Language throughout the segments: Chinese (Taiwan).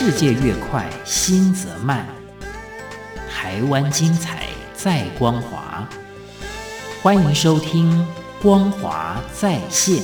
世界越快，心則慢。台灣精彩，再光華。歡迎收聽《光華在線》。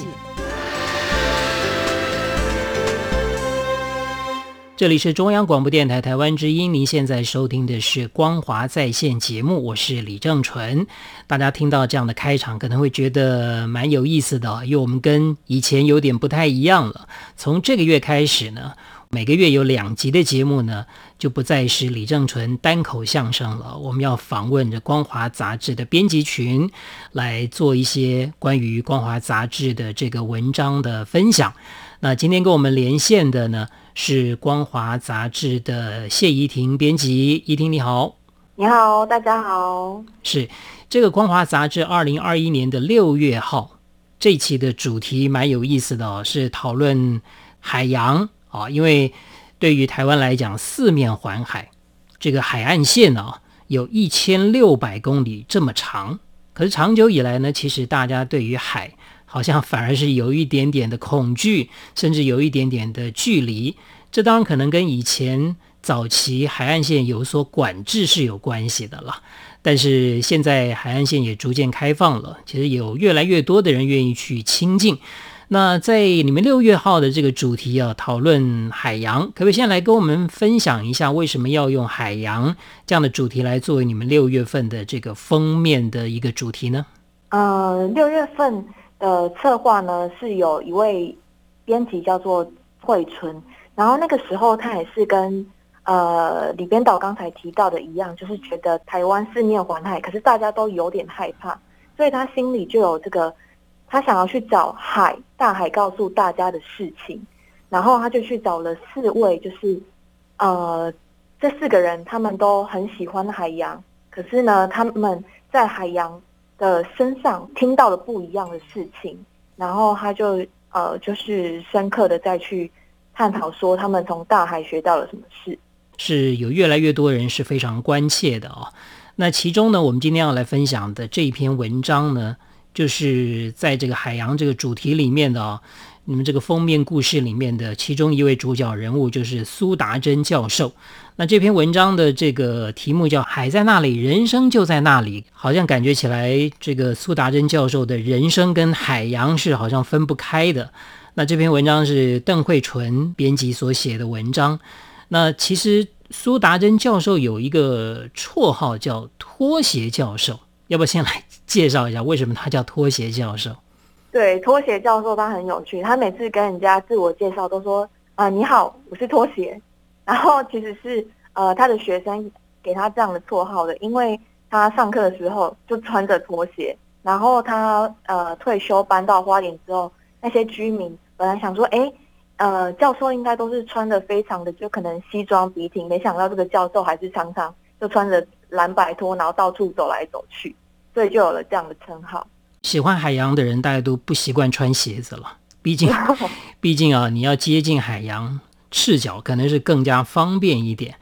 這裡是中央廣播電台台灣之音，您現在收聽的是《光華在線》節目，我是李正淳。大家聽到這樣的開場，可能會覺得蠻有意思的，因為我們跟以前有點不太一樣了。從這個月開始呢。每個月有兩集的節目呢，就不再是李正純單口相聲了。我們要訪問着《光華》雜誌的編輯群，來做一些關於《光華》雜誌的這個文章的分享。那今天跟我們連線的呢，是《光華》雜誌的謝怡婷編輯。怡婷，你好！你好，大家好！是這個《光華》雜誌二零二一年的六月號，這期的主題蠻有意思的哦，是討論海洋。啊，因為對於台灣來講，四面環海，這個海岸線呢，有一千六百公里這麼長。可是長久以來呢，其實大家對於海好像反而是有一點點的恐懼，甚至有一點點的距離。這當然可能跟以前早期海岸線有所管制是有關係的了。但是現在海岸線也逐漸開放了，其實有越來越多的人願意去親近。那在你們六月號的這個主題啊，討論海洋，可不可以先來跟我們分享一下，為什麼要用海洋這樣的主題來作為你們六月份的這個封面的一個主題呢？呃，六月份的策劃呢，是有一位編輯叫做慧純。然後那個時候他也是跟呃李編導剛才提到的一樣，就是覺得台灣四面環海，可是大家都有點害怕，所以他心裡就有這個。他想要去找海，大海告訴大家的事情，然後他就去找了四位，就是，呃，這四個人他們都很喜歡海洋，可是呢，他們在海洋的身上聽到了不一樣的事情，然後他就呃，就是深刻的再去探討說他們從大海學到了什麼事。是有越來越多人是非常關切的哦。那其中呢，我們今天要來分享的這一篇文章呢，就是在這個海洋這個主題裡面的啊、哦，你們這個封面故事裡面的其中一位主角人物就是蘇達珍教授。那這篇文章的這個題目叫《海在那裡，人生就在那裡》，好像感覺起來這個蘇達珍教授的人生跟海洋是好像分不開的。那這篇文章是鄧慧純編輯所寫的文章。那其實蘇達珍教授有一個綽號叫“拖鞋教授”。要不先來介紹一下為什麼他叫拖鞋教授？對，拖鞋教授他很有趣，他每次跟人家自我介紹都說：“啊、呃，你好，我是拖鞋。”然後其實是呃他的學生給他這樣的綽號的，因為他上課的時候就穿着拖鞋。然後他呃退休搬到花蓮之後，那些居民本來想說：“哎，呃教授應該都是穿的非常的就可能西裝筆挺。”沒想到這個教授還是常常就穿着。藍白拖，然後到處走來走去，所以就有了這樣的稱號。喜歡海洋的人，大家都不習慣穿鞋子了，畢竟， 畢竟啊，你要接近海洋，赤腳可能是更加方便一點。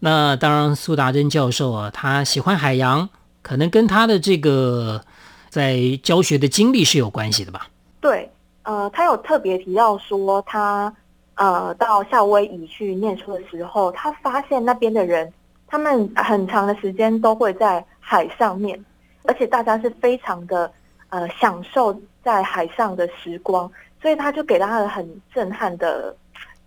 那當然，蘇達珍教授啊，他喜歡海洋，可能跟他的這個在教學的經歷是有關係的吧？對，呃，他有特別提到說，他呃到夏威夷去念書的時候，他發現那邊的人，他們很長的時間都會在海上面，而且大家是非常的呃享受在海上的時光，所以他就給了他很震撼的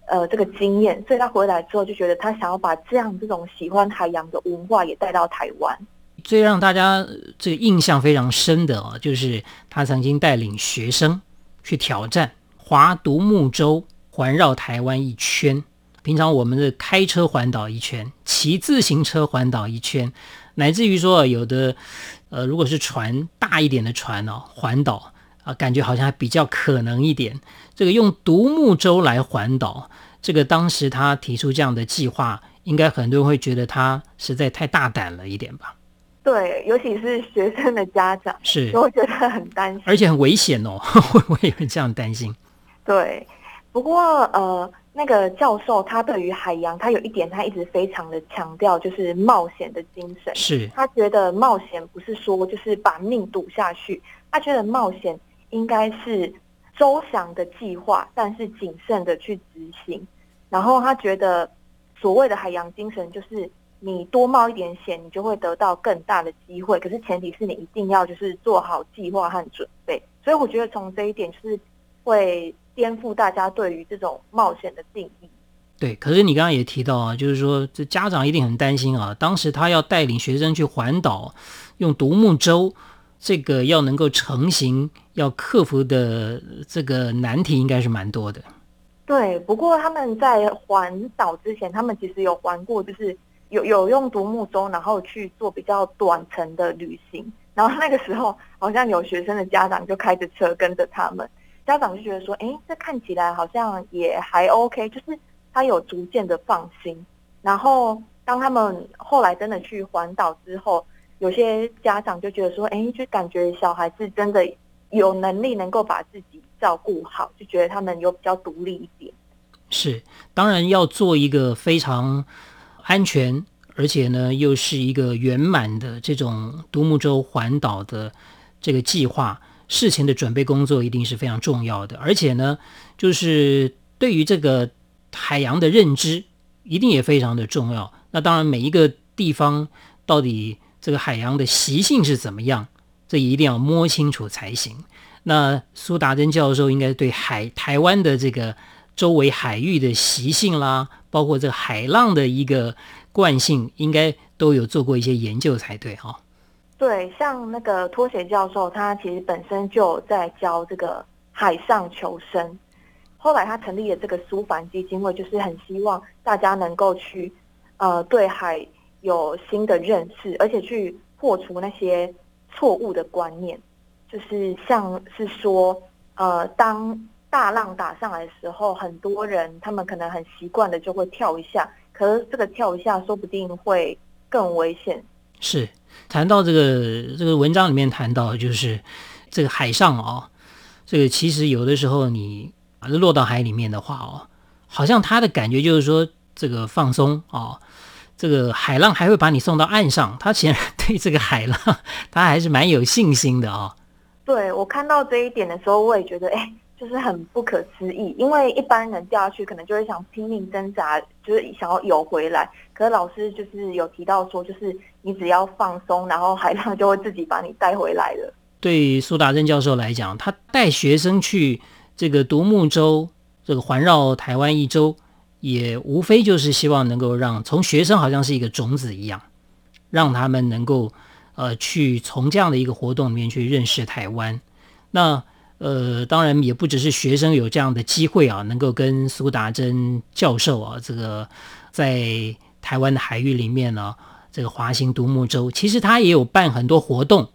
呃這個經驗，所以他回來之後就覺得他想要把這樣這種喜歡海洋的文化也帶到台灣。最讓大家最印象非常深的哦，就是他曾經帶領學生去挑戰划獨木舟環繞台灣一圈。平常我們是開車環島一圈，騎自行車環島一圈，乃至於說有的，呃，如果是船大一點的船哦，環島啊，呃，感覺好像還比較可能一點。這個用獨木舟來環島，這個當時他提出這樣的計劃，應該很多人會覺得他實在太大膽了一點吧？對，尤其是學生的家長，是，都會覺得很擔心，而且很危險哦，會不會這樣擔心？對，不過呃。那個教授，他對於海洋，他有一點，他一直非常的強調，就是冒險的精神。是他覺得冒險不是說就是把命賭下去，他覺得冒險應該是周詳的計劃，但是謹慎的去執行。然後他覺得所謂的海洋精神，就是你多冒一點險，你就會得到更大的機會。可是前提是你一定要就是做好計劃和準備。所以我覺得從這一點就是會。顛覆大家對於這種冒險的定義。對，可是你剛剛也提到啊，就是說這家長一定很擔心啊。當時他要帶領學生去環島，用獨木舟，這個要能夠成型，要克服的這個難題應該是蠻多的。對，不過他們在環島之前，他們其實有玩過，就是有有用獨木舟，然後去做比較短程的旅行。然後那個時候，好像有學生的家長就開着車跟着他們。家長就覺得說，哎，這看起來好像也還 OK，就是他有逐漸的放心。然後當他們後來真的去環島之後，有些家長就覺得說，哎，就感覺小孩子真的有能力能夠把自己照顧好，就覺得他們有比較獨立一點。是，當然要做一個非常安全，而且呢又是一個圓滿的這種獨木舟環島的這個計劃。事情事前的準備工作一定是非常重要的，而且呢，就是對於這個海洋的認知一定也非常的重要。那當然，每一個地方到底這個海洋的習性是怎麼樣，這一定要摸清楚才行。那蘇達珍教授應該對海台灣的這個周圍海域的習性啦，包括這個海浪的一個慣性，應該都有做過一些研究才對哈。對，像那個拖鞋教授，他其實本身就在教這個海上求生。後來他成立了這個蘇帆基金會，就是很希望大家能夠去，呃，對海有新的認識，而且去破除那些錯誤的觀念。就是像是說，呃，當大浪打上來的時候，很多人他們可能很習慣的就會跳一下，可是這個跳一下說不定會更危險。是。談到這個這個文章裡面談到，就是這個海上啊、哦，這個其實有的時候你、啊、落到海裡面的話哦，好像他的感覺就是說這個放鬆啊、哦，這個海浪還會把你送到岸上，他顯然對這個海浪他還是蠻有信心的啊、哦。對，我看到這一點的時候，我也覺得哎。誒。就是很不可思議，因為一般人掉下去，可能就會想拼命掙扎，就是想要游回來。可是老師就是有提到說，就是你只要放鬆，然後海浪就會自己把你帶回來了。對蘇達貞教授來講，他帶學生去這個獨木舟，這個環繞台灣一週，也無非就是希望能夠讓從學生好像是一個種子一樣，讓他們能夠呃去從這樣的一個活動裡面去認識台灣。那。呃，當然也不只是學生有這樣的機會啊，能夠跟蘇達貞教授啊，這個在台灣的海域裡面呢、啊，這個滑行獨木舟。其實他也有辦很多活動，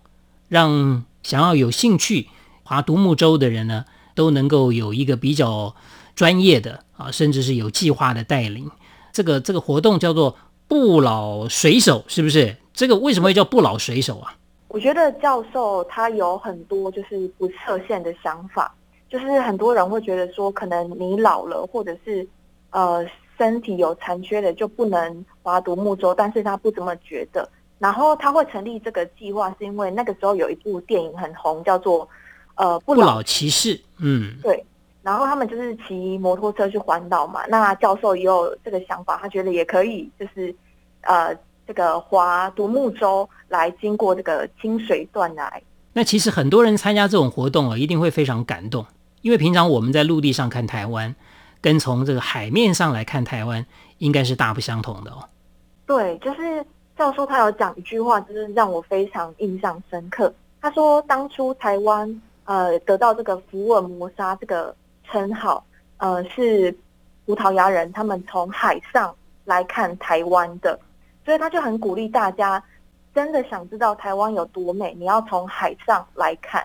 讓想要有興趣劃獨木舟的人呢，都能夠有一個比較專業的啊，甚至是有計劃的帶領。這個這個活動叫做“不老水手”，是不是？這個為什麼會叫“不老水手”啊？我覺得教授他有很多就是不設限的想法，就是很多人會覺得說，可能你老了，或者是呃身體有殘缺的就不能划獨木舟，但是他不這麼覺得。然後他會成立這個計劃，是因為那個時候有一部電影很紅，叫做呃不老騎士，嗯，對。然後他們就是騎摩托車去環島嘛，那教授也有這個想法，他覺得也可以，就是呃。這個划獨木舟來經過這個清水斷崖。那其實很多人參加這種活動啊，一定會非常感動，因為平常我們在陸地上看台灣，跟從這個海面上來看台灣，應該是大不相同的哦。對，就是教授他有講一句話，就是讓我非常印象深刻。他說當初台灣呃得到這個福爾摩沙這個稱號，呃是葡萄牙人他們從海上來看台灣的。所以他就很鼓勵大家，真的想知道台灣有多美，你要從海上來看。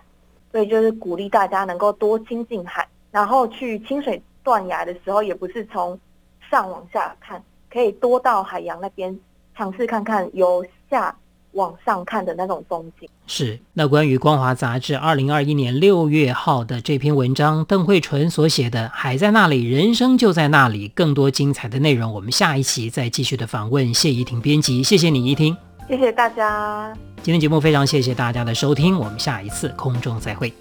所以就是鼓勵大家能夠多親近海，然後去清水斷崖的時候，也不是從上往下看，可以多到海洋那邊嘗試看看由下。往上看的那種風景是。那關於《光華》雜誌二零二一年六月號的這篇文章，鄧慧純所寫的，海在那裡，人生就在那裡。更多精彩的內容，我們下一期再繼續的訪問謝怡婷編輯，謝謝你怡婷，謝謝大家。今天節目非常謝謝大家的收聽，我們下一次空中再會。